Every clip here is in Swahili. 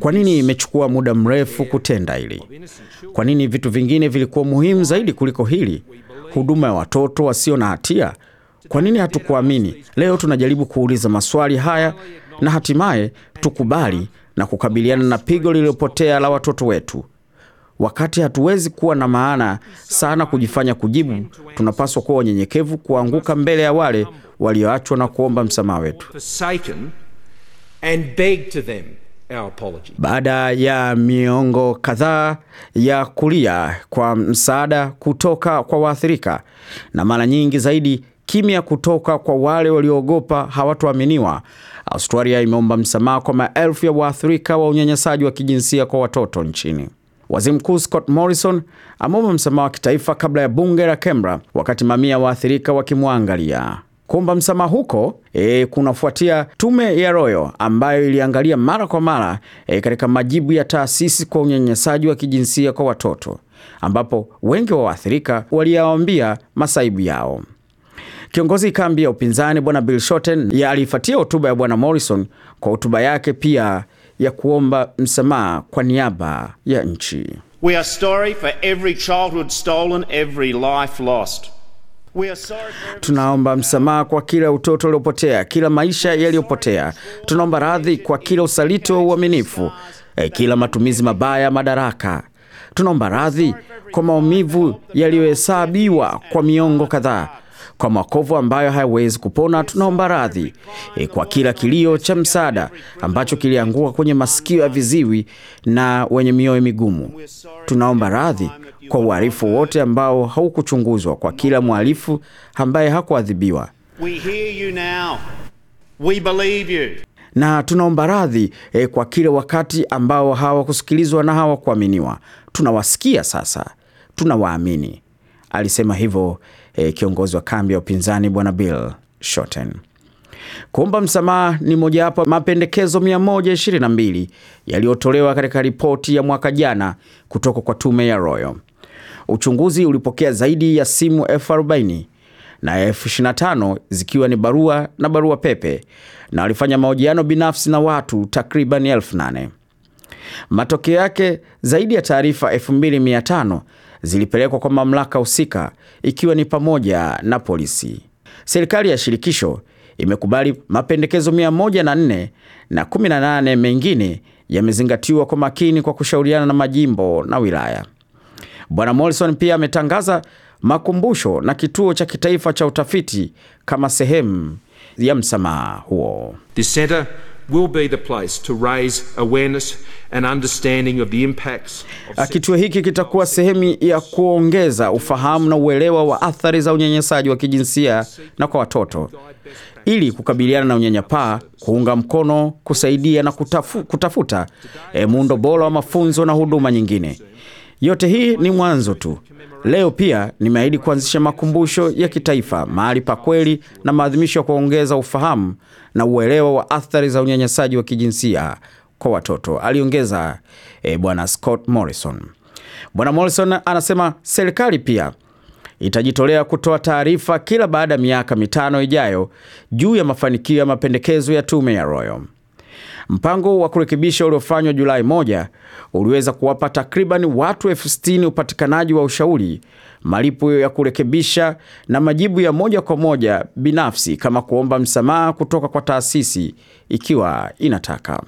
Kwa nini imechukua muda mrefu kutenda hili? Kwa nini vitu vingine vilikuwa muhimu zaidi kuliko hili? Huduma ya watoto wasio na hatia. Kwa nini hatukuamini? Leo tunajaribu kuuliza maswali haya na hatimaye tukubali na kukabiliana na pigo lililopotea la watoto wetu. Wakati hatuwezi kuwa na maana sana kujifanya kujibu, tunapaswa kuwa wanyenyekevu, kuanguka mbele ya wale walioachwa na kuomba msamaha wetu. Baada ya miongo kadhaa ya kulia kwa msaada kutoka kwa waathirika na mara nyingi zaidi kimya kutoka kwa wale walioogopa hawatoaminiwa, Australia imeomba msamaha kwa maelfu ya waathirika wa unyanyasaji wa kijinsia kwa watoto nchini. Waziri Mkuu Scott Morrison ameomba msamaha wa kitaifa kabla ya bunge la Canberra, wakati mamia waathirika wakimwangalia. Kuomba msamaha huko e, kunafuatia tume ya royo ambayo iliangalia mara kwa mara e, katika majibu ya taasisi kwa unyanyasaji wa kijinsia kwa watoto ambapo wengi wa waathirika waliyaambia masaibu yao. Kiongozi kambi ya upinzani Bwana Bill Shorten aliifuatia hotuba ya Bwana Morrison kwa hotuba yake pia ya kuomba msamaha kwa niaba ya nchi. We are sorry for every childhood stolen, every life lost. Tunaomba msamaha kwa kila utoto uliopotea, kila maisha yaliyopotea. Tunaomba radhi kwa kila usaliti wa uaminifu, eh, kila matumizi mabaya ya madaraka. Tunaomba radhi kwa maumivu yaliyohesabiwa kwa miongo kadhaa. Kwa makovu ambayo hayawezi kupona, tunaomba radhi e, kwa kila kilio cha msaada ambacho kilianguka kwenye masikio ya viziwi na wenye mioyo migumu. Tunaomba radhi kwa uhalifu wote ambao haukuchunguzwa, kwa kila mhalifu ambaye hakuadhibiwa. Na tunaomba radhi e, kwa kile wakati ambao hawakusikilizwa na hawakuaminiwa. Tunawasikia sasa, tunawaamini. Alisema hivyo e, kiongozi wa kambi ya upinzani bwana Bill Shorten. Kuomba msamaha ni mojawapo mapendekezo 122 yaliyotolewa katika ripoti ya mwaka jana kutoka kwa tume ya Royal. Uchunguzi ulipokea zaidi ya simu elfu 40 na elfu 25 zikiwa ni barua na barua pepe na walifanya mahojiano binafsi na watu takriban elfu 8. Matokeo yake, zaidi ya taarifa 2500 zilipelekwa kwa mamlaka husika ikiwa ni pamoja na polisi. Serikali ya shirikisho imekubali mapendekezo 104 na 18 mengine yamezingatiwa kwa makini kwa kushauriana na majimbo na wilaya. Bwana Morrison pia ametangaza makumbusho na kituo cha kitaifa cha utafiti kama sehemu ya msamaha huo. The will be the place to raise awareness and understanding of the impacts. Kituo hiki kitakuwa sehemu ya kuongeza ufahamu na uelewa wa athari za unyanyasaji wa kijinsia na kwa watoto ili kukabiliana na unyanyapaa, kuunga mkono, kusaidia na kutafu, kutafuta e, muundo bora wa mafunzo na huduma nyingine. Yote hii ni mwanzo tu. Leo pia nimeahidi kuanzisha makumbusho ya kitaifa, mahali pa kweli na maadhimisho ya kuongeza ufahamu na uelewa wa athari za unyanyasaji wa kijinsia kwa watoto, aliongeza e, Bwana Scott Morrison. Bwana Morrison anasema serikali pia itajitolea kutoa taarifa kila baada ya miaka mitano ijayo juu ya mafanikio ya mapendekezo ya tume ya Royal. Mpango wa kurekebisha uliofanywa Julai moja uliweza kuwapa takriban watu elfu sitini upatikanaji wa ushauri, malipo ya kurekebisha na majibu ya moja kwa moja binafsi kama kuomba msamaha kutoka kwa taasisi ikiwa inataka.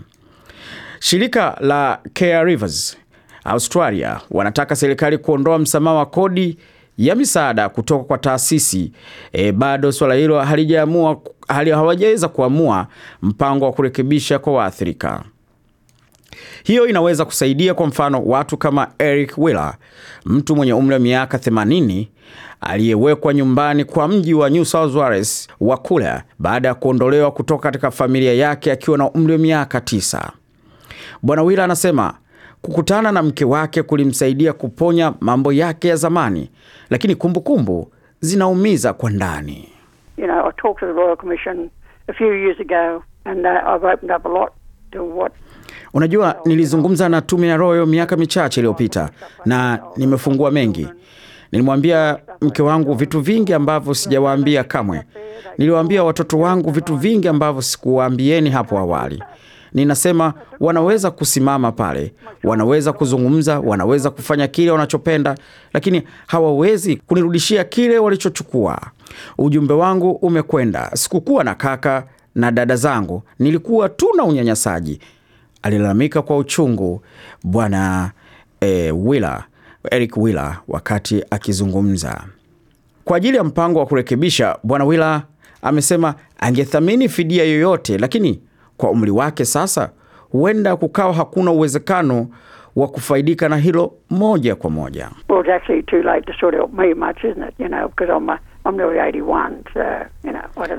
Shirika la Care Rivers Australia wanataka serikali kuondoa msamaha wa kodi ya misaada kutoka kwa taasisi e, bado swala hilo halijaamua, hawajaweza kuamua mpango wa kurekebisha kwa waathirika. Hiyo inaweza kusaidia kwa mfano watu kama Eric Willer, mtu mwenye umri wa miaka 80 aliyewekwa nyumbani kwa mji wa New South Wales wa Kula baada ya kuondolewa kutoka katika familia yake akiwa na umri wa miaka 9. Bwana Willer anasema Kukutana na mke wake kulimsaidia kuponya mambo yake ya zamani, lakini kumbukumbu kumbu zinaumiza kwa ndani. Uh, Unajua, nilizungumza na tume ya Royal miaka michache iliyopita na nimefungua mengi. Nilimwambia mke wangu vitu vingi ambavyo sijawaambia kamwe. Niliwaambia watoto wangu vitu vingi ambavyo sikuwaambieni hapo awali ninasema wanaweza kusimama pale, wanaweza kuzungumza, wanaweza kufanya kile wanachopenda, lakini hawawezi kunirudishia kile walichochukua. Ujumbe wangu umekwenda. Sikukuwa na kaka na dada zangu, nilikuwa tu na unyanyasaji, alilalamika kwa uchungu Bwana e, eh, Wheeler, Eric Wheeler wakati akizungumza kwa ajili ya mpango wa kurekebisha. Bwana Wheeler amesema angethamini fidia yoyote, lakini kwa umri wake sasa, huenda kukawa hakuna uwezekano wa kufaidika na hilo moja kwa moja.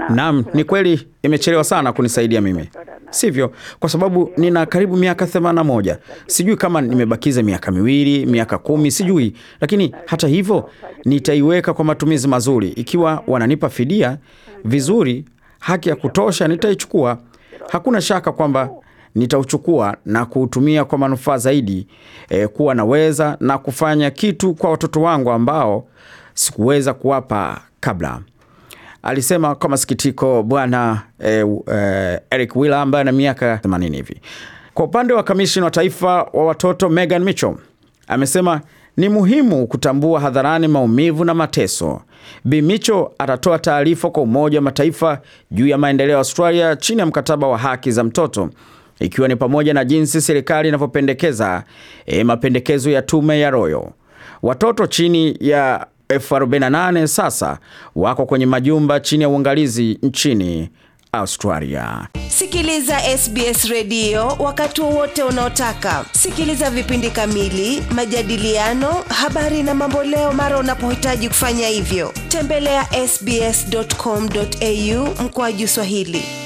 Naam, ni kweli imechelewa sana kunisaidia mimi, sivyo? Kwa sababu nina karibu miaka moja. Sijui kama nimebakiza miaka miwili, miaka kumi, sijui, lakini hata hivyo nitaiweka kwa matumizi mazuri. Ikiwa wananipa fidia vizuri, haki ya kutosha, nitaichukua Hakuna shaka kwamba nitauchukua na kuutumia kwa manufaa zaidi, e, kuwa naweza na kufanya kitu kwa watoto wangu ambao sikuweza kuwapa kabla, alisema kwa masikitiko Bwana e, e, Eric Wheeler ambaye ana miaka 80 hivi. Kwa upande wa kamishina wa taifa wa watoto Megan micho amesema ni muhimu kutambua hadharani maumivu na mateso. Bimicho Micho atatoa taarifa kwa Umoja wa Mataifa juu ya maendeleo ya Australia chini ya mkataba wa haki za mtoto ikiwa ni pamoja na jinsi serikali inavyopendekeza e, mapendekezo ya tume ya Royo. Watoto chini ya elfu 48 sasa wako kwenye majumba chini ya uangalizi nchini Australia. Sikiliza SBS redio wakati wowote unaotaka. Sikiliza vipindi kamili, majadiliano, habari na mamboleo mara unapohitaji kufanya hivyo. Tembelea sbs.com.au mkoaji Swahili.